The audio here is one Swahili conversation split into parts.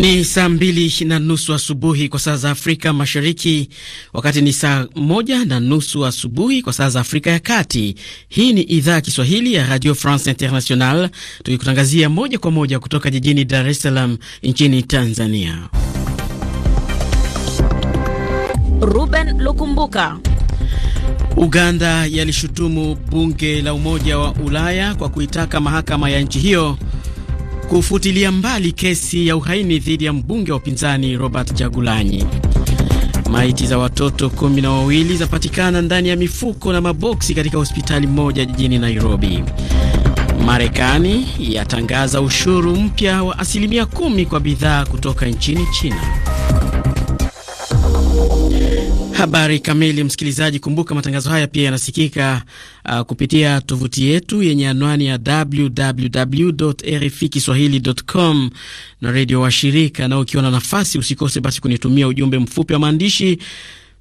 Ni saa mbili na nusu asubuhi kwa saa za Afrika Mashariki, wakati ni saa moja na nusu asubuhi kwa saa za Afrika ya Kati. Hii ni idhaa ya Kiswahili ya Radio France International, tukikutangazia moja kwa moja kutoka jijini Dar es Salaam nchini Tanzania. Ruben Lukumbuka. Uganda yalishutumu bunge la Umoja wa Ulaya kwa kuitaka mahakama ya nchi hiyo kufutilia mbali kesi ya uhaini dhidi ya mbunge wa upinzani Robert Jagulanyi. Maiti za watoto kumi na wawili zapatikana ndani ya mifuko na maboksi katika hospitali moja jijini Nairobi. Marekani yatangaza ushuru mpya wa asilimia kumi kwa bidhaa kutoka nchini China. Habari kamili, msikilizaji, kumbuka matangazo haya pia yanasikika uh, kupitia tovuti yetu yenye anwani ya www.rfi kiswahili.com na redio wa shirika Na ukiwa na nafasi, usikose basi kunitumia ujumbe mfupi wa maandishi.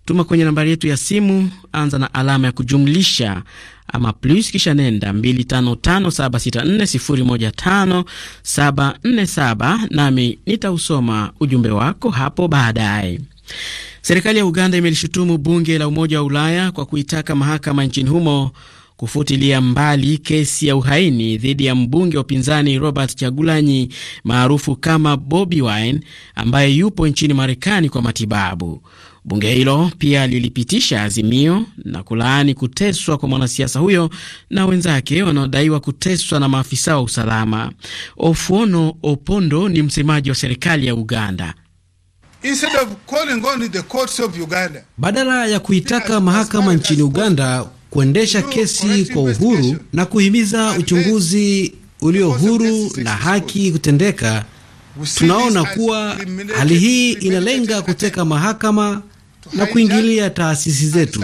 Tuma kwenye nambari yetu ya simu, anza na alama ya kujumlisha ama plus, kisha nenda 255764015747, nami nitausoma ujumbe wako hapo baadaye. Serikali ya Uganda imelishutumu bunge la Umoja wa Ulaya kwa kuitaka mahakama nchini humo kufutilia mbali kesi ya uhaini dhidi ya mbunge wa upinzani Robert Chagulanyi maarufu kama Bobi Wine ambaye yupo nchini Marekani kwa matibabu. Bunge hilo pia lilipitisha azimio na kulaani kuteswa kwa mwanasiasa huyo na wenzake wanaodaiwa kuteswa na maafisa wa usalama. Ofuono Opondo ni msemaji wa serikali ya Uganda. Instead of calling on the courts of Uganda, badala ya kuitaka mahakama nchini Uganda kuendesha kesi kwa uhuru na kuhimiza uchunguzi ulio huru na haki kutendeka, tunaona kuwa hali hii inalenga kuteka mahakama na kuingilia taasisi zetu.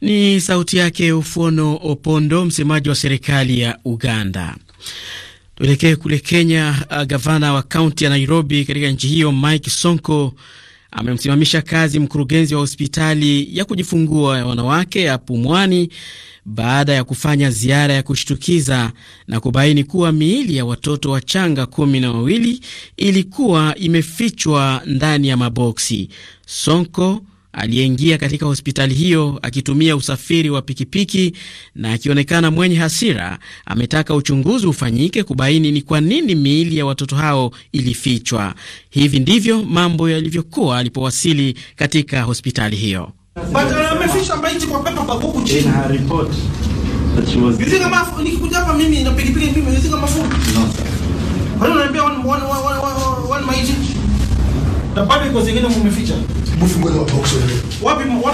Ni sauti yake Ufono Opondo, msemaji wa serikali ya Uganda. Tuelekee kule Kenya. Uh, gavana wa kaunti ya Nairobi katika nchi hiyo Mike Sonko amemsimamisha kazi mkurugenzi wa hospitali ya kujifungua ya wanawake ya Pumwani baada ya kufanya ziara ya kushtukiza na kubaini kuwa miili ya watoto wachanga kumi na wawili ilikuwa imefichwa ndani ya maboksi. Sonko aliyeingia katika hospitali hiyo akitumia usafiri wa pikipiki na akionekana mwenye hasira, ametaka uchunguzi ufanyike kubaini ni kwa nini miili ya watoto hao ilifichwa. Hivi ndivyo mambo yalivyokuwa alipowasili katika hospitali hiyo. Tapata iko zingine mumeficha. Wapi mwa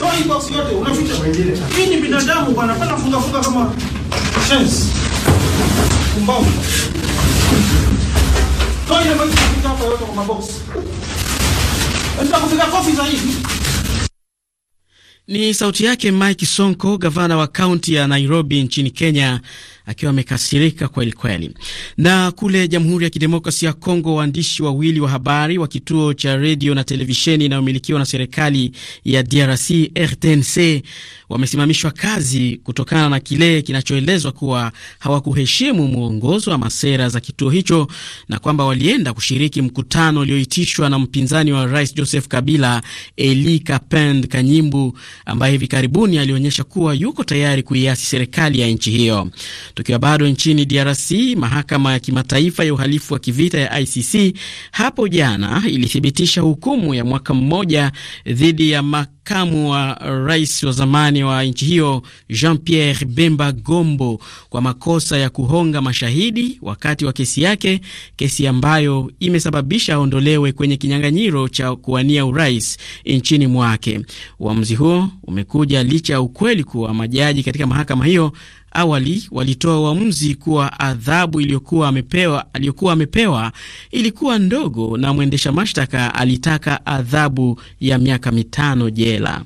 Wapi box yote unaficha. ni binadamu bwana, pana funga funga kama chance. Toa ile yote kwa Ndio kufika kofi zaidi. Ni sauti yake Mike Sonko, gavana wa kaunti ya Nairobi nchini Kenya akiwa amekasirika kweli kweli. Na kule Jamhuri ya Kidemokrasia ya Kongo, waandishi wawili wa habari wa kituo cha redio na televisheni inayomilikiwa na serikali ya DRC RTNC wamesimamishwa kazi kutokana na kile kinachoelezwa kuwa hawakuheshimu mwongozo wa masera za kituo hicho na kwamba walienda kushiriki mkutano ulioitishwa na mpinzani wa rais Joseph Kabila Eli Kapend Kanyimbu ambaye hivi karibuni alionyesha kuwa yuko tayari kuiasi serikali ya nchi hiyo. Tukiwa bado nchini DRC, mahakama ya kimataifa ya uhalifu wa kivita ya ICC hapo jana ilithibitisha hukumu ya mwaka mmoja dhidi ya Mak makamu wa rais wa zamani wa nchi hiyo Jean Pierre Bemba Gombo kwa makosa ya kuhonga mashahidi wakati wa kesi yake, kesi ambayo imesababisha aondolewe kwenye kinyang'anyiro cha kuwania urais nchini mwake. Uamuzi huo umekuja licha ya ukweli kuwa majaji katika mahakama hiyo awali walitoa uamuzi kuwa adhabu iliyokuwa amepewa aliyokuwa amepewa ilikuwa ndogo, na mwendesha mashtaka alitaka adhabu ya miaka mitano je jela.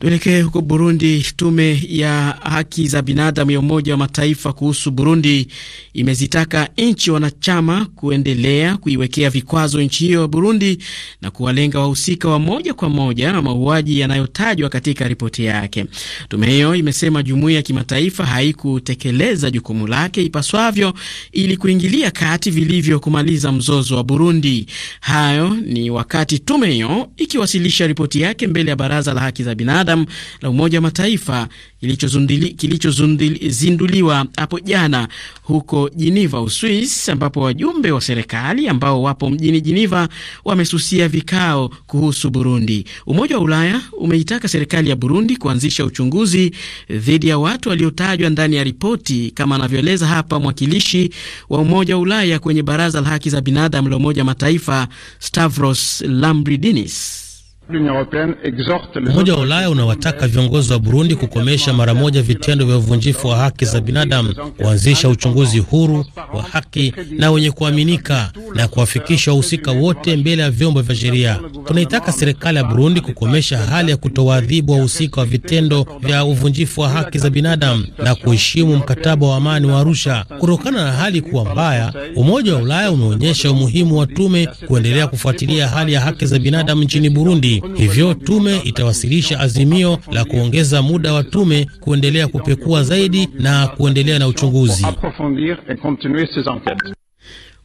Tuelekee huko Burundi. Tume ya haki za binadamu ya Umoja wa Mataifa kuhusu Burundi imezitaka nchi wanachama kuendelea kuiwekea vikwazo nchi hiyo ya Burundi na kuwalenga wahusika wa moja kwa moja na mauaji yanayotajwa katika ripoti yake. Tume hiyo imesema jumuiya ya kimataifa haikutekeleza jukumu lake ipaswavyo ili kuingilia kati vilivyo kumaliza mzozo wa Burundi. Hayo ni wakati tume hiyo ikiwasilisha ripoti yake mbele ya Baraza la Haki za Binadamu binadamu la Umoja wa Mataifa kilichozinduliwa hapo jana huko Jiniva, Uswis, ambapo wajumbe wa serikali ambao wapo mjini Jiniva wamesusia vikao kuhusu Burundi. Umoja wa Ulaya umeitaka serikali ya Burundi kuanzisha uchunguzi dhidi ya watu waliotajwa ndani ya ripoti, kama anavyoeleza hapa mwakilishi wa Umoja wa Ulaya kwenye Baraza la Haki za Binadamu la Umoja wa Mataifa Stavros Lambridinis. Umoja wa Ulaya unawataka viongozi wa Burundi kukomesha mara moja vitendo vya uvunjifu wa haki za binadamu, kuanzisha uchunguzi huru wa haki na wenye kuaminika na kuwafikisha wahusika wote mbele ya vyombo vya sheria. Tunaitaka serikali ya Burundi kukomesha hali ya kutowaadhibu wahusika wa vitendo vya uvunjifu wa haki za binadamu na kuheshimu mkataba wa amani wa Arusha. Kutokana na hali kuwa mbaya, Umoja wa Ulaya umeonyesha umuhimu wa tume kuendelea kufuatilia hali ya haki za binadamu nchini Burundi. Hivyo tume itawasilisha azimio la kuongeza muda wa tume kuendelea kupekua zaidi na kuendelea na uchunguzi.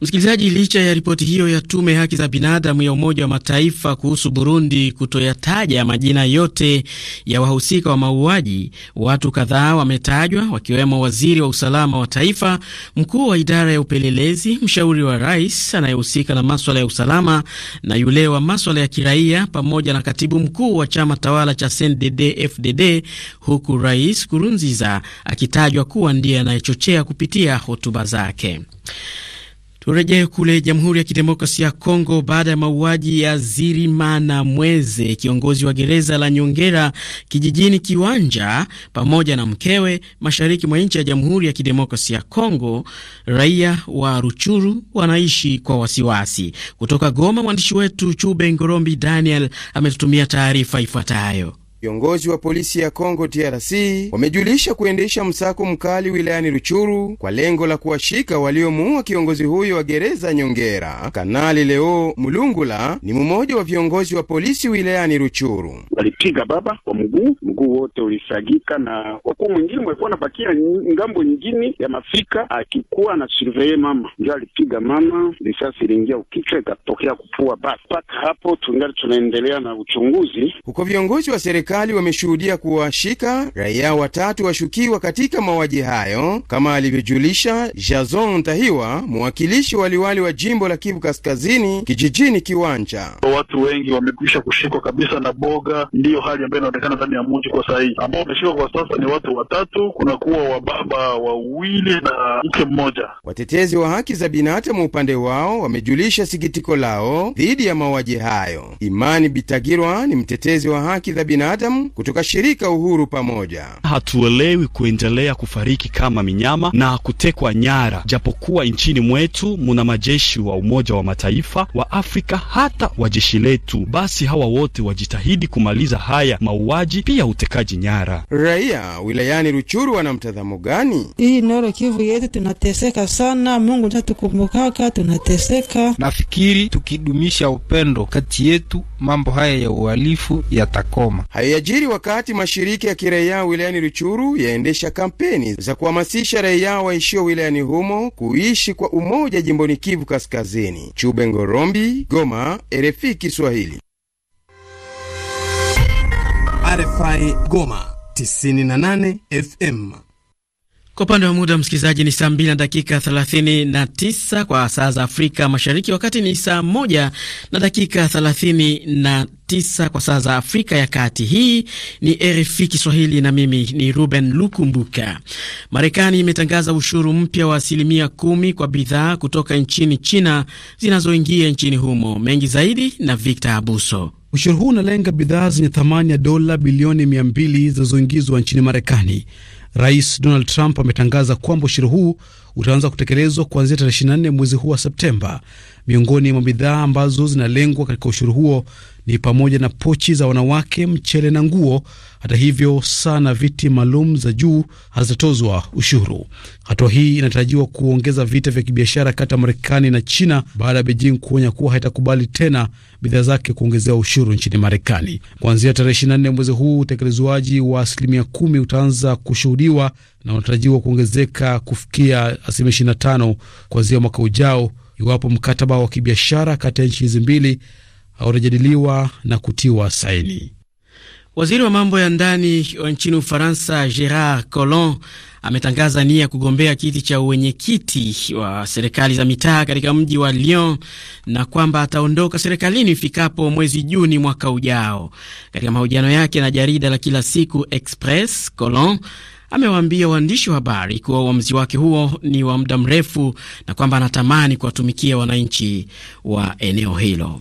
Msikilizaji, licha ya ripoti hiyo ya tume ya haki za binadamu ya Umoja wa Mataifa kuhusu Burundi kutoyataja majina yote ya wahusika wa mauaji, watu kadhaa wametajwa, wakiwemo waziri wa usalama wa taifa, mkuu wa idara ya upelelezi, mshauri wa rais anayehusika na maswala ya usalama na yule wa maswala ya kiraia, pamoja na katibu mkuu wa chama tawala cha CNDD FDD, huku Rais Kurunziza akitajwa kuwa ndiye anayechochea kupitia hotuba zake. Turejee kule Jamhuri ya Kidemokrasia ya Kongo baada ya mauaji ya Zirimana Mweze, kiongozi wa gereza la Nyongera kijijini Kiwanja, pamoja na mkewe mashariki mwa nchi ya Jamhuri ya Kidemokrasia ya Kongo. Raia wa Ruchuru wanaishi kwa wasiwasi. Kutoka Goma, mwandishi wetu Chube Ngorombi Daniel ametutumia taarifa ifuatayo. Viongozi wa polisi ya Kongo DRC wamejulisha kuendesha msako mkali wilayani Ruchuru kwa lengo la kuwashika waliomuua kiongozi huyo wa gereza Nyongera. Kanali Leo Mulungula ni mmoja wa viongozi wa polisi wilayani Ruchuru. Walipiga baba kwa mguu, mguu wote ulisagika, na wakuwa mwingine walikuwa nabakia ngambo nyingine ya mafika, akikuwa na surveye mama, ndio alipiga mama, risasi iliingia ukichwa, ikatokea kupua. Basi mpaka hapo tungali tunaendelea na uchunguzi huko. Viongozi wa serikali serikali wameshuhudia kuwashika raia watatu washukiwa katika mauaji hayo, kama alivyojulisha Jason Tahiwa, mwakilishi wa liwali wa jimbo la Kivu Kaskazini kijijini Kiwanja. Watu wengi wamekwisha kushikwa kabisa na boga, ndiyo hali ambayo inaonekana ndani ya mji kwa sahihi Ambao wameshikwa kwa sasa ni watu watatu, kunakuwa wababa wawili na mke mmoja. Watetezi wa haki za binadamu upande wao wamejulisha sikitiko lao dhidi ya mauaji hayo. Imani Bitagirwa ni mtetezi wa haki za binadamu binadamu kutoka shirika Uhuru Pamoja. Hatuelewi kuendelea kufariki kama minyama na kutekwa nyara, japokuwa nchini mwetu muna majeshi wa Umoja wa Mataifa wa Afrika, hata wa jeshi letu. Basi hawa wote wajitahidi kumaliza haya mauaji, pia utekaji nyara. Raia wilayani Ruchuru wana mtazamo gani? Hii Noro Kivu yetu tunateseka sana, Mungu natukumbukaka, tunateseka. Nafikiri tukidumisha upendo kati yetu mambo haya ya uhalifu yatakoma. Hayajiri wakati mashirika ya kiraia wilayani Ruchuru yaendesha kampeni za kuhamasisha raia waishio wilayani humo kuishi kwa umoja jimboni Kivu Kaskazini. Chube Ngorombi, Goma, RFI Kiswahili. RFI Goma 98 FM. Kwa upande wa muda msikilizaji, ni saa 2 na dakika 39 kwa saa za Afrika Mashariki, wakati ni saa moja na dakika 39 kwa saa za Afrika ya Kati. Hii ni RFI Kiswahili na mimi ni Ruben Lukumbuka. Marekani imetangaza ushuru mpya wa asilimia kumi kwa bidhaa kutoka nchini China zinazoingia nchini humo. Mengi zaidi na Victor Abuso. Ushuru huu unalenga bidhaa zenye thamani ya dola bilioni 2 zinazoingizwa nchini Marekani. Rais Donald Trump ametangaza kwamba ushuru huu utaanza kutekelezwa kuanzia tarehe 24 mwezi huu wa Septemba. Miongoni mwa bidhaa ambazo zinalengwa katika ushuru huo ni pamoja na pochi za wanawake, mchele na nguo. Hata hivyo, saa na viti maalum za juu hazitatozwa ushuru. Hatua hii inatarajiwa kuongeza vita vya kibiashara kati ya Marekani na China baada ya Beijing kuonya kuwa haitakubali tena bidhaa zake kuongezewa ushuru nchini Marekani. Kuanzia tarehe 24 mwezi huu, utekelezwaji wa asilimia kumi utaanza kushuhudiwa na unatarajiwa kuongezeka kufikia asilimia 25 kuanzia mwaka ujao, iwapo mkataba wa kibiashara kati ya nchi hizi mbili utajadiliwa na kutiwa saini. Waziri wa mambo ya ndani wa nchini Ufaransa Gerard Collomb ametangaza nia ya kugombea kiti cha uwenyekiti wa serikali za mitaa katika mji wa Lyon na kwamba ataondoka serikalini ifikapo mwezi Juni mwaka ujao. Katika mahojiano yake na jarida la kila siku Express, Collomb amewaambia waandishi wa habari kuwa uamuzi wake huo ni wa muda mrefu na kwamba anatamani kuwatumikia wananchi wa eneo hilo.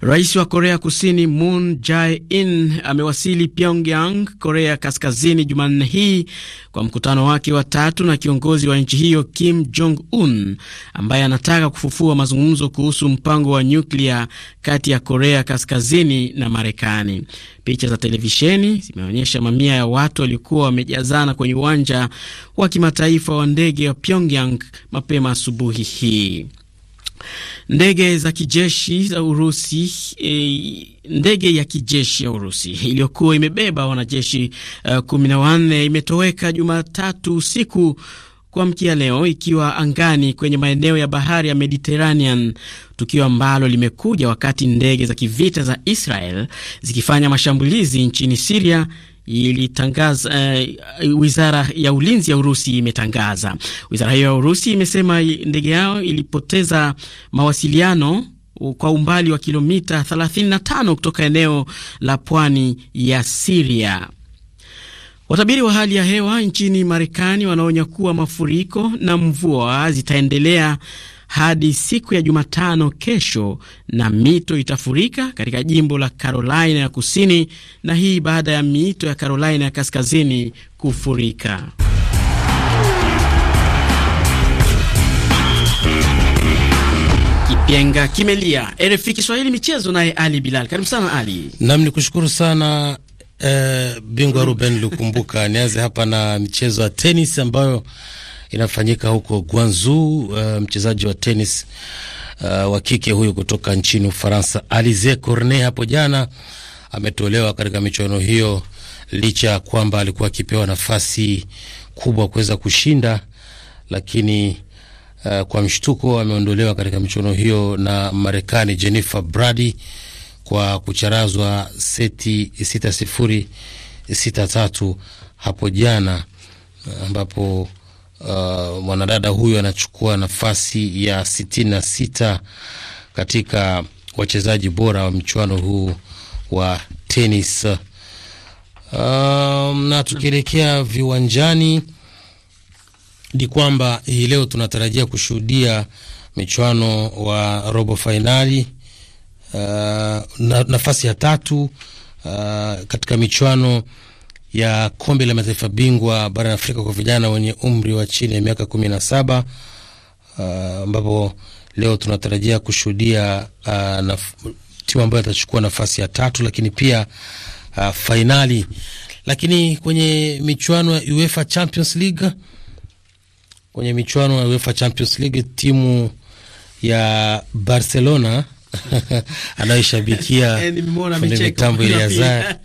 Rais wa Korea Kusini Moon Jae-in amewasili Pyongyang, Korea Kaskazini Jumanne hii kwa mkutano wake wa tatu na kiongozi wa nchi hiyo Kim Jong Un ambaye anataka kufufua mazungumzo kuhusu mpango wa nyuklia kati ya Korea Kaskazini na Marekani. Picha za televisheni zimeonyesha mamia ya watu waliokuwa wamejazana kwenye uwanja wa kimataifa wa ndege wa Pyongyang mapema asubuhi hii. Ndege za kijeshi za Urusi e, ndege ya kijeshi ya Urusi iliyokuwa imebeba wanajeshi eh, kumi na wanne imetoweka Jumatatu usiku kuamkia leo ikiwa angani kwenye maeneo ya bahari ya Mediterranean, tukio ambalo limekuja wakati ndege za kivita za Israel zikifanya mashambulizi nchini Siria ilitangaza uh, wizara ya ulinzi ya Urusi imetangaza. Wizara hiyo ya Urusi imesema ndege yao ilipoteza mawasiliano kwa umbali wa kilomita 35 kutoka eneo la pwani ya Siria. Watabiri wa hali ya hewa nchini Marekani wanaonya kuwa mafuriko na mvua zitaendelea hadi siku ya Jumatano kesho, na mito itafurika katika jimbo la Carolina ya Kusini, na hii baada ya mito ya Carolina ya Kaskazini kufurika. Yenga kimelia RFI Kiswahili michezo, naye Ali Bilal, karibu sana Ali. Nam ni kushukuru sana eh, bingwa Ruben Lukumbuka. Nianze hapa na michezo ya tenis ambayo inafanyika huko Guangzhou. Uh, mchezaji wa tenis uh, eh, wa kike huyu kutoka nchini Ufaransa Alize Cornet hapo jana ametolewa katika michuano hiyo, licha ya kwamba alikuwa akipewa nafasi kubwa kuweza kushinda, lakini uh, kwa mshtuko ameondolewa katika michuano hiyo na Marekani Jennifer Brady kwa kucharazwa seti sita sifuri sita tatu hapo jana ambapo uh, mwanadada huyu anachukua nafasi ya sitini na sita katika wachezaji bora wa mchuano huu wa tenis. Um, na tukielekea viwanjani ni kwamba hii leo tunatarajia kushuhudia michuano wa robo fainali uh, na, nafasi ya tatu uh, katika michuano ya kombe la mataifa bingwa barani Afrika kwa vijana wenye umri wa chini ya miaka kumi na saba uh, ambapo uh, leo tunatarajia kushuhudia uh, na timu ambayo itachukua nafasi ya tatu, lakini pia uh, fainali. Lakini kwenye michuano ya UEFA Champions League, kwenye michuano ya UEFA Champions League timu ya Barcelona anayoishabikia fundi eh, mitambo Eleazar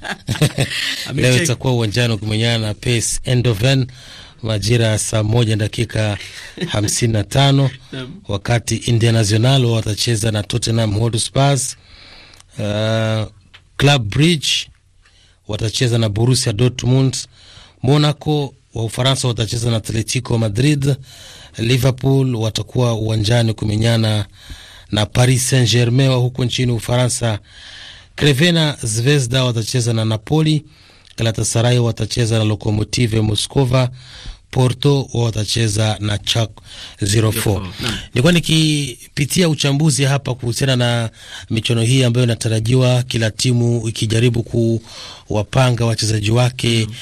leo itakuwa uwanjani ukimenyana na Pace Eindhoven majira ya saa moja dakika hamsini na tano wakati International watacheza na Tottenham Hotspur. Uh, Club Bridge watacheza na Borussia Dortmund. Monaco wa Ufaransa watacheza na Atletico Madrid. Liverpool watakuwa uwanjani kumenyana na Paris Saint Germain wa huko nchini Ufaransa. Crevena Zvezda watacheza na Napoli, Galatasaray watacheza na Lokomotive Moskova, Porto wao watacheza na Chak 04. Nilikuwa nikipitia uchambuzi hapa kuhusiana na michuano hii ambayo inatarajiwa kila timu ikijaribu kuwapanga wachezaji wake mm.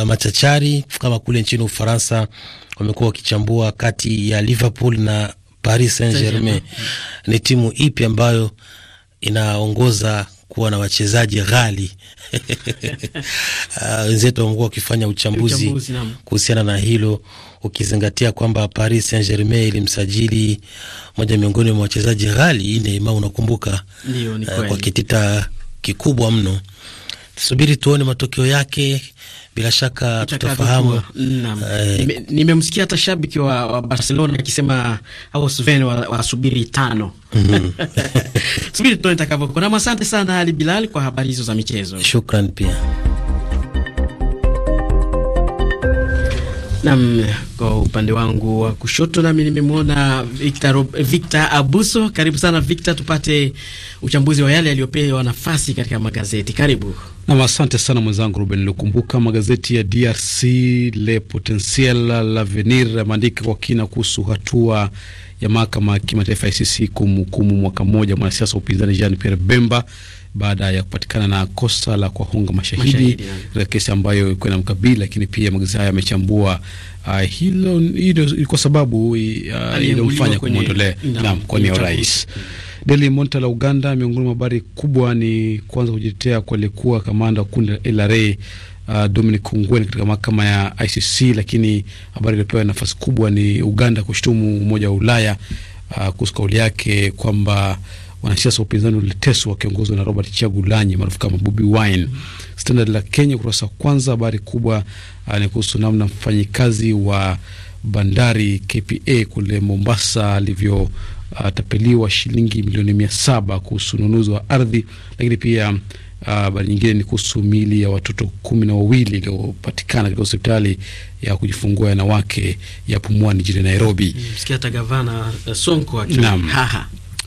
uh, machachari kama kule nchini Ufaransa wamekuwa wakichambua kati ya Liverpool na Paris Saint Germain ni timu ipi ambayo inaongoza kuwa na wachezaji ghali? Ah, wenzetu uh, wamekuwa wakifanya uchambuzi, uchambuzi kuhusiana na hilo, ukizingatia kwamba Paris Saint Germain ilimsajili moja miongoni mwa wachezaji ghali Neymar, unakumbuka Ndiyo, uh, ah, kwa kitita kikubwa mno Subiri tuone matokeo yake, bila shaka tutafahamu. Eh, nimemsikia hata shabiki wa, wa Barcelona akisema au Sven wasubiri wa tano. Mhm. Subiri tuone itakavyokuwa. Na asante sana Ali Bilal kwa habari hizo za michezo, shukran pia. Nam, kwa upande wangu wa kushoto nami nimemwona Victor, Victor Abuso. Karibu sana Victor, tupate uchambuzi wa yale yaliyopewa nafasi katika magazeti. Karibu. Nam, asante sana mwenzangu Ruben Lukumbuka. Magazeti ya DRC Le Potentiel, L'Avenir ameandika kwa kina kuhusu hatua ya mahakama ya kimataifa ICC kumhukumu mwaka mmoja mwanasiasa wa upinzani Jean Pierre Bemba baada ya kupatikana na kosa la kuwahonga mashahidi, katika kesi ambayo ilikuwa na mkabili. Lakini pia magazeti haya yamechambua uh, hilo, hilo kwa sababu uh, ilomfanya kumwondolea nam kwenye urais Daily Monitor la Uganda, miongoni mwa habari kubwa ni kwanza kujitetea kwa aliyekuwa kamanda wa kundi la LRA uh, Dominic Ongwen katika mahakama ya ICC, lakini habari iliyopewa nafasi kubwa ni Uganda kushtumu Umoja wa Ulaya uh, kuhusu kauli yake kwamba wanasiasa wa upinzani waliteswa wakiongozwa na Robert Chagulanyi maarufu kama Bobi Wine. Standard la Kenya ukurasa wa kwanza, habari kubwa uh, ni kuhusu namna mfanyikazi wa bandari KPA kule Mombasa alivyo atapeliwa shilingi milioni mia saba kuhusu ununuzi wa ardhi, lakini pia ah, habari uh, nyingine ni kuhusu miili ya watoto kumi na wawili iliyopatikana katika hospitali ya kujifungua wanawake ya Pumwani jijini Nairobi.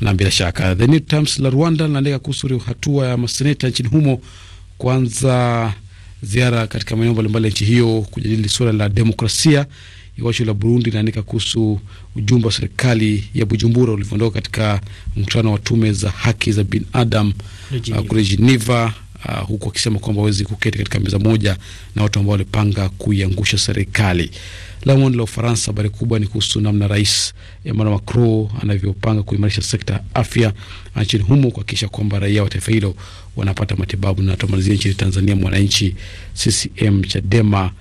Na eh, bila shaka The New Times la Rwanda linaandika kuhusu hatua ya maseneta nchini humo kuanza ziara katika maeneo mbalimbali ya nchi hiyo kujadili suala la demokrasia. Iwacho la Burundi inaandika kuhusu ujumbe wa serikali ya Bujumbura ulivyoondoka katika mkutano wa tume za haki za binadamu uh, kule Geneva uh, huku akisema kwamba hawezi kuketi katika meza moja na watu ambao walipanga kuiangusha serikali. La Monde la Ufaransa, habari kubwa ni kuhusu namna Rais Emmanuel Macron anavyopanga kuimarisha sekta ya afya nchini humo kuhakikisha kwamba raia wa taifa hilo wanapata matibabu. Na tumalizia nchini Tanzania, mwananchi CCM Chadema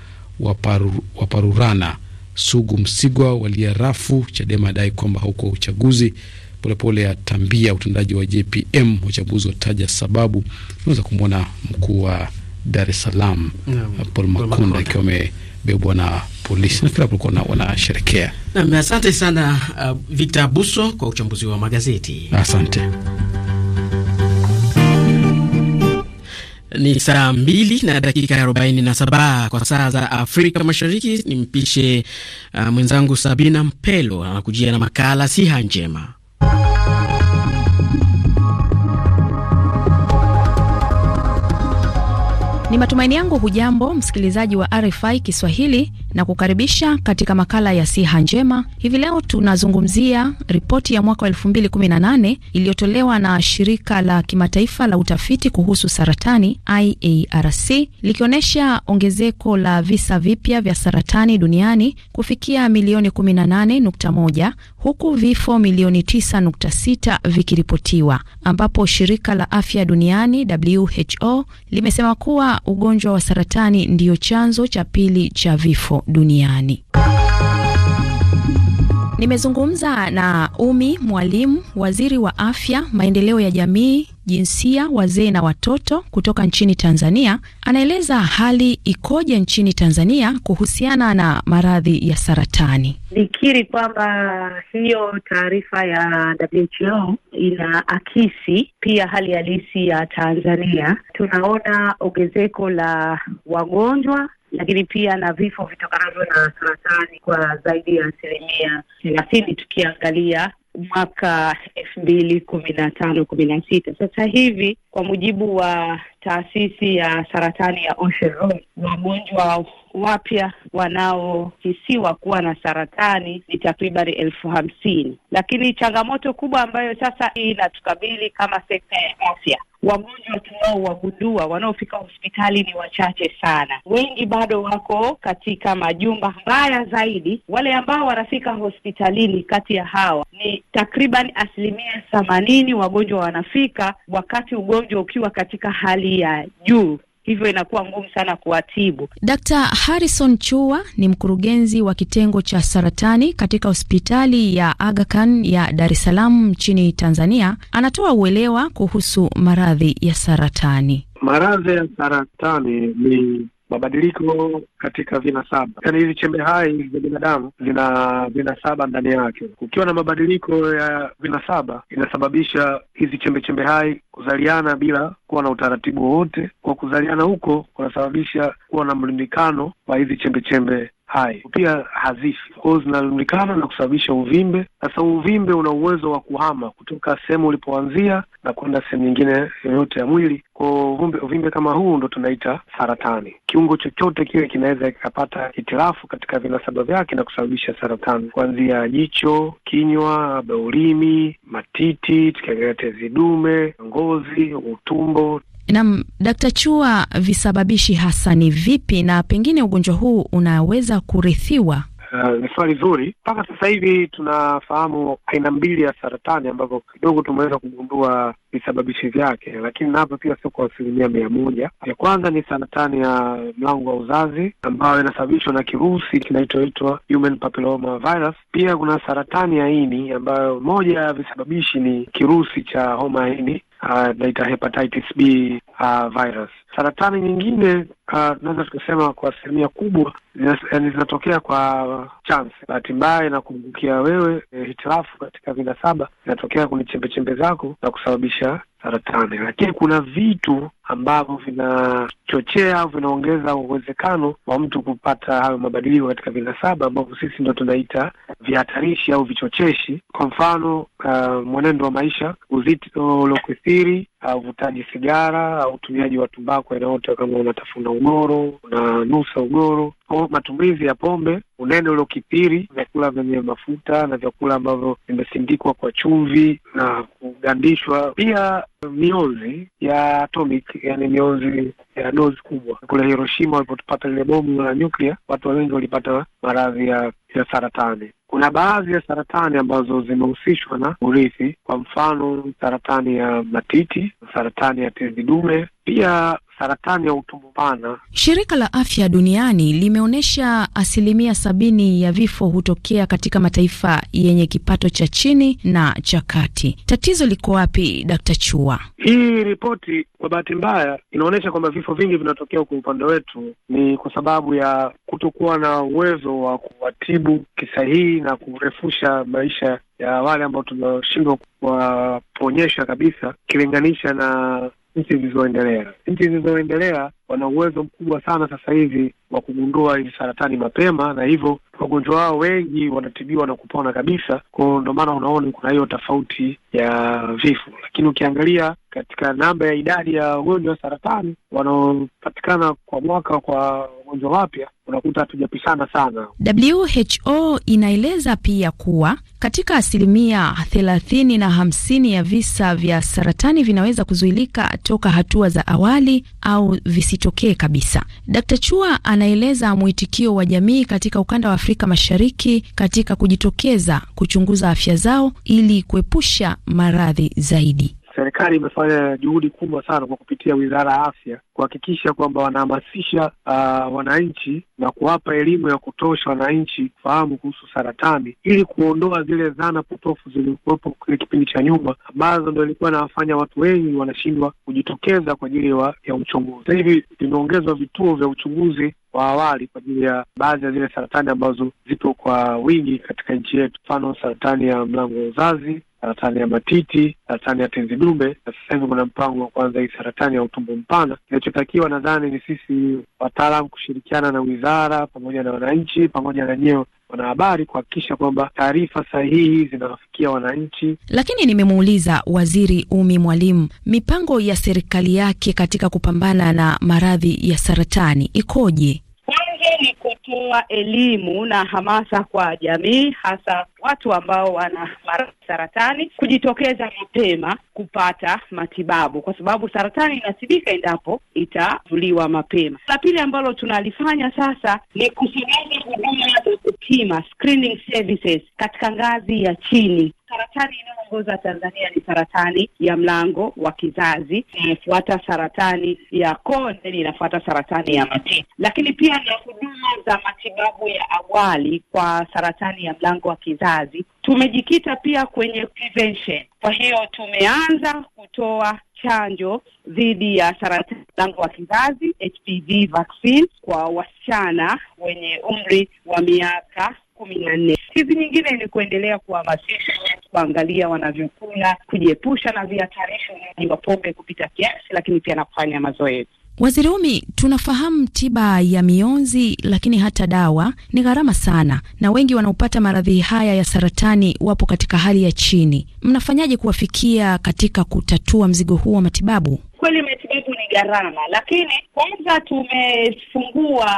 waparurana Sugu Msigwa walia rafu. Chadema adai kwamba hauko uchaguzi. Polepole atambia utendaji wa JPM. Wachambuzi wataja sababu. Unaweza kumwona mkuu wa Dar es Salaam Paul Makonda akiwa amebebwa na polisi, nafikiri kulikuwa wanasherekea. Nam, asante sana uh, Victor Buso kwa uchambuzi wa magazeti. Asante. ni saa mbili na dakika arobaini na saba kwa saa za Afrika Mashariki. Nimpishe uh, mwenzangu Sabina Mpelo anakujia na makala siha njema. Ni matumaini yangu hujambo msikilizaji wa RFI Kiswahili na kukaribisha katika makala ya siha njema. Hivi leo tunazungumzia ripoti ya mwaka 2018 iliyotolewa na shirika la kimataifa la utafiti kuhusu saratani IARC likionyesha ongezeko la visa vipya vya saratani duniani kufikia milioni 18.1 huku vifo milioni 9.6 vikiripotiwa, ambapo shirika la afya duniani WHO limesema kuwa ugonjwa wa saratani ndiyo chanzo cha pili cha vifo duniani. Nimezungumza na Umi Mwalimu, waziri wa afya, maendeleo ya jamii, jinsia, wazee na watoto kutoka nchini Tanzania. Anaeleza hali ikoje nchini Tanzania kuhusiana na maradhi ya saratani. Nikiri kwamba hiyo taarifa ya WHO ina akisi pia hali halisi ya Tanzania. Tunaona ongezeko la wagonjwa lakini pia na vifo vitokanavyo na saratani kwa zaidi ya asilimia thelathini tukiangalia mwaka elfu mbili kumi na tano kumi na sita. Sasa hivi kwa mujibu wa taasisi ya saratani ya Ocean wagonjwa wapya wanaohisiwa kuwa na saratani ni takriban elfu hamsini, lakini changamoto kubwa ambayo sasa hii inatukabili kama sekta ya afya wagonjwa tunaowagundua wanaofika hospitali ni wachache sana. Wengi bado wako katika majumba. Mbaya zaidi, wale ambao wanafika hospitalini, kati ya hawa ni takriban asilimia themanini wagonjwa wanafika wakati ugonjwa ukiwa katika hali ya juu hivyo inakuwa ngumu sana kuwatibu. Dkt. Harrison Chua ni mkurugenzi wa kitengo cha saratani katika hospitali ya Aga Khan ya Dar es Salaam nchini Tanzania. Anatoa uelewa kuhusu maradhi ya saratani. Maradhi ya saratani ni mabadiliko katika vinasaba, yaani hizi chembe hai za binadamu zina vinasaba ndani yake. Kukiwa na mabadiliko ya vinasaba, inasababisha hizi chembe chembe hai kuzaliana bila kuwa na utaratibu wowote. Kwa kuzaliana huko kunasababisha kuwa na mlundikano wa hizi chembe chembe hai pia hazifi kwao, hiyo na kusababisha uvimbe. Sasa uvimbe una uwezo wa kuhama kutoka sehemu ulipoanzia na kwenda sehemu nyingine yoyote ya mwili. Kwa uvimbe, uvimbe kama huu ndo tunaita saratani. Kiungo chochote kile kinaweza kikapata hitilafu katika vinasaba vyake na kusababisha saratani, kuanzia jicho, kinywa, beulimi, matiti, tukiangalia tezi dume, ngozi, utumbo, Nam Dkt. Chua, visababishi hasa ni vipi na pengine ugonjwa huu unaweza kurithiwa? Uh, ni swali zuri. Mpaka sasa hivi tunafahamu aina mbili ya saratani ambavyo kidogo tumeweza kugundua visababishi vyake, lakini napo pia sio kwa asilimia mia moja. Ya kwanza ni saratani ya mlango wa uzazi ambayo inasababishwa na kirusi kinachoitwa human papilloma virus. Pia kuna saratani ya ini ambayo moja ya visababishi ni kirusi cha homa ya ini uh, hepatitis B uh, virus. Saratani nyingine uh, tunaweza uh, tukasema kwa asilimia kubwa eh, zinatokea kwa chance, bahati mbaya inakumbukia wewe, eh, hitilafu katika vinasaba inatokea kwenye chembechembe zako na kusababisha saratani, lakini kuna vitu ambavyo vinachochea au vinaongeza uwezekano wa mtu kupata hayo mabadiliko katika vinasaba ambavyo sisi ndo tunaita vihatarishi au vichocheshi. Kwa mfano, uh, mwenendo wa maisha, uzito uliokithiri, uvutaji sigara au utumiaji wa tumbako yanayote kama unatafuna ugoro, unanusa ugoro, matumizi ya pombe, unene uliokithiri, vyakula vyenye mafuta na vyakula ambavyo vimesindikwa kwa chumvi na kugandishwa, pia mionzi ya atomic, yani mionzi ya dozi kubwa. Kule Hiroshima walipopata lile bomu la nyuklia, watu wengi walipata maradhi ya, ya saratani. Kuna baadhi ya saratani ambazo zimehusishwa na urithi, kwa mfano saratani ya matiti, saratani ya tezi dume, pia saratani ya utumbo bana. Shirika la Afya Duniani limeonyesha asilimia sabini ya vifo hutokea katika mataifa yenye kipato cha chini na cha kati. Tatizo liko wapi, Dkt. Chua? Hii ripoti kwa bahati mbaya inaonyesha kwamba vifo vingi vinatokea kwa upande wetu ni kwa sababu ya kutokuwa na uwezo wa kuwatibu kisahihi na kurefusha maisha ya wale ambao tunashindwa kuwaponyesha kabisa, ukilinganisha na nchi zilizoendelea. Nchi zilizoendelea wana uwezo mkubwa sana sasa hivi wa kugundua hizi saratani mapema, na hivyo wagonjwa wao wengi wanatibiwa na kupona kabisa. Kwao ndo maana unaona kuna hiyo tofauti ya vifo, lakini ukiangalia katika namba ya idadi ya wagonjwa wa saratani wanaopatikana kwa mwaka kwa wagonjwa wapya unakuta hatujapishana sana. WHO inaeleza pia kuwa katika asilimia thelathini na hamsini ya visa vya saratani vinaweza kuzuilika toka hatua za awali au visi isitokee kabisa. Dkt. Chua anaeleza mwitikio wa jamii katika ukanda wa Afrika Mashariki katika kujitokeza kuchunguza afya zao ili kuepusha maradhi zaidi serikali imefanya juhudi kubwa sana kwa kupitia wizara ya afya kuhakikisha kwamba wanahamasisha uh, wananchi na kuwapa elimu ya kutosha wananchi kufahamu kuhusu saratani ili kuondoa zile dhana potofu zilizokuwepo kile kipindi cha nyuma ambazo ndo ilikuwa nawafanya watu wengi wanashindwa kujitokeza kwa ajili ya uchunguzi. Sasa hivi vimeongezwa vituo vya uchunguzi wa awali kwa ajili ya baadhi ya zile saratani ambazo zipo kwa wingi katika nchi yetu, mfano saratani ya mlango wa uzazi saratani ya matiti, saratani ya tezi dume, na sasa hivi kuna mpango wa kwanza hii saratani ya utumbo mpana. Kinachotakiwa nadhani ni sisi wataalam kushirikiana na wizara pamoja na wananchi pamoja na nyewe wanahabari kuhakikisha kwamba taarifa sahihi zinawafikia wananchi. Lakini nimemuuliza Waziri Umi Mwalimu, mipango ya serikali yake katika kupambana na maradhi ya saratani ikoje? ni kutoa elimu na hamasa kwa jamii, hasa watu ambao wana saratani kujitokeza mapema kupata matibabu, kwa sababu saratani inatibika endapo itavuliwa mapema. La pili ambalo tunalifanya sasa ni kusameza huduma za kupima, screening services, katika ngazi ya chini Saratani inayoongoza Tanzania ni saratani ya mlango wa kizazi, inafuata saratani ya koo, inafuata saratani ya matiti, lakini pia na huduma za matibabu ya awali kwa saratani ya mlango wa kizazi. Tumejikita pia kwenye prevention, kwa hiyo tumeanza kutoa chanjo dhidi ya saratani mlango wa kizazi HPV vaccine kwa wasichana wenye umri wa miaka kumi na nne. Hizi nyingine ni kuendelea kuhamasisha kuangalia wanavyokula, kujiepusha na vihatarishi unywaji wa pombe kupita kiasi, lakini pia na kufanya mazoezi. Waziri Umi, tunafahamu tiba ya mionzi, lakini hata dawa ni gharama sana, na wengi wanaopata maradhi haya ya saratani wapo katika hali ya chini. Mnafanyaje kuwafikia katika kutatua mzigo huu wa matibabu? kweli matibabu ni gharama, lakini kwanza tumefungua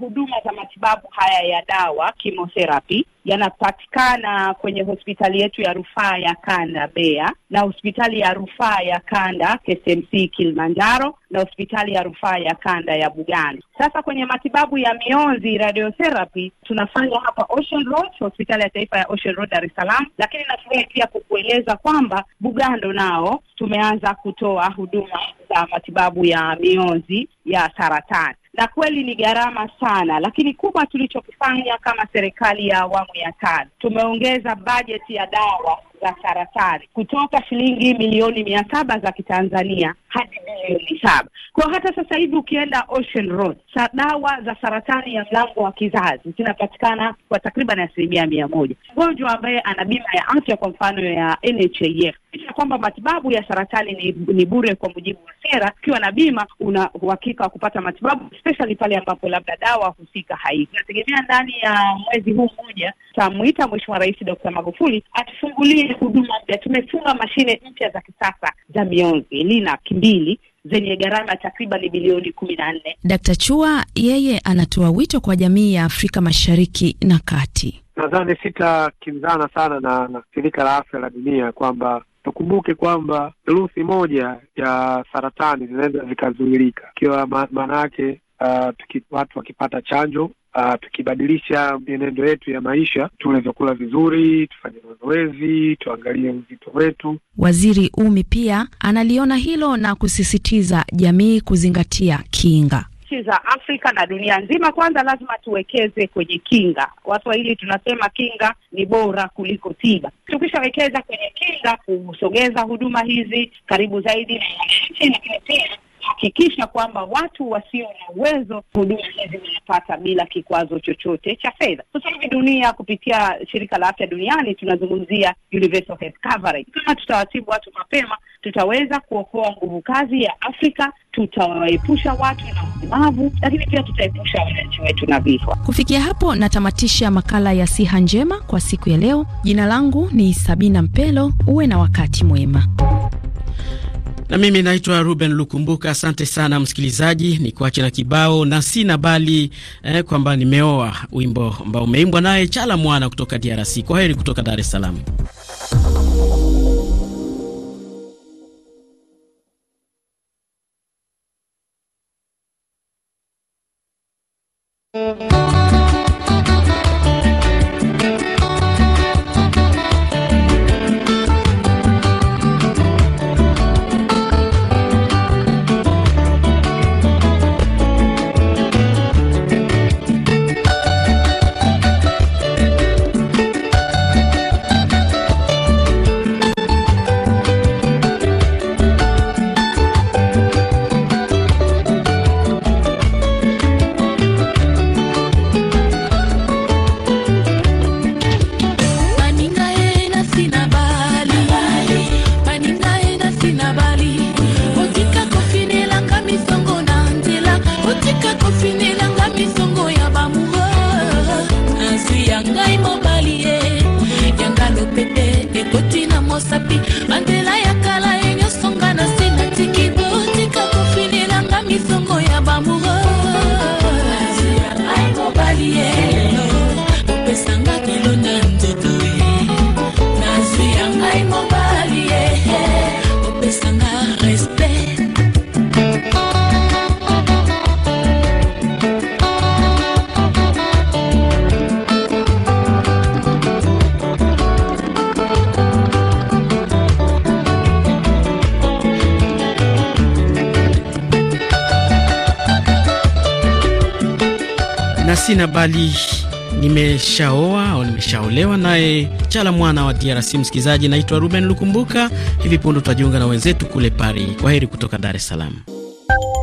huduma za matibabu haya ya dawa chemotherapy yanapatikana kwenye hospitali yetu ya rufaa ya kanda bea na hospitali ya rufaa ya kanda KSMC Kilimanjaro na hospitali ya rufaa ya kanda ya Bugando. Sasa kwenye matibabu ya mionzi radiotherapy tunafanya hapa Ocean Road, hospitali ya taifa ya Ocean Road Dar es Salaam, lakini nafurahi pia kukueleza kwamba Bugando nao tumeanza kutoa huduma za matibabu ya mionzi ya saratani na kweli ni gharama sana, lakini kubwa tulichokifanya kama serikali ya awamu ya tano tumeongeza bajeti ya dawa za saratani kutoka shilingi milioni mia saba za Kitanzania hadi milioni saba. Kwa hata sasa hivi ukienda Ocean Road, dawa za saratani ya mlango wa kizazi zinapatikana kwa takriban asilimia mia moja. Mgonjwa ambaye ana bima ya afya kwa mfano ya NHIF, e licha kwamba matibabu ya saratani ni, ni bure kwa mujibu wa sera, ukiwa na bima una uhakika wa kupata matibabu, especially pale ambapo labda dawa husika haipo. Nategemea ndani ya mwezi huu mmoja tamwita Mheshimiwa Rais Dr. Magufuli atufungulie huduma mpya. Tumefunga mashine mpya za kisasa za mionzi lina mbili zenye gharama takriban bilioni kumi na nne. Dkt. Chua yeye anatoa wito kwa jamii ya Afrika Mashariki na Kati. Nadhani sitakinzana sana na, shirika la afya la dunia kwamba tukumbuke kwamba theluthi moja ya saratani zinaweza zikazuilika, ikiwa maana yake uh, watu wakipata chanjo Uh, tukibadilisha mienendo yetu ya maisha, tule vyakula vizuri, tufanye mazoezi, tuangalie uzito wetu. Waziri Umi pia analiona hilo na kusisitiza jamii kuzingatia kinga nchi za Afrika na dunia nzima, kwanza lazima tuwekeze kwenye kinga. Waswahili tunasema kinga ni bora kuliko tiba. Tukishawekeza kwenye kinga, kusogeza huduma hizi karibu zaidi na wananchi, lakini pia hakikisha kwamba watu wasio na uwezo huduma hizi wanapata bila kikwazo chochote cha fedha. Sasa hivi dunia kupitia shirika la afya duniani tunazungumzia universal health coverage. Kama tutawatibu watu mapema, tutaweza kuokoa nguvu kazi ya Afrika, tutawaepusha watu na ulemavu, lakini pia tutaepusha wananchi wetu na vifo. Kufikia hapo, natamatisha makala ya siha njema kwa siku ya leo. Jina langu ni Sabina Mpelo. Uwe na wakati mwema. Na mimi naitwa Ruben Lukumbuka. Asante sana msikilizaji, ni kuache na kibao na sina bali eh, kwamba nimeoa, wimbo ambao umeimbwa naye Chala Mwana kutoka DRC. Kwa heri kutoka Dar es Salaam. sapi Amina Bali nimeshaoa au nimeshaolewa naye Chala mwana wa DRC. Msikilizaji, naitwa Ruben Lukumbuka. Hivi punde tutajiunga na wenzetu kule Paris. Kwa heri kutoka Dar es Salaam.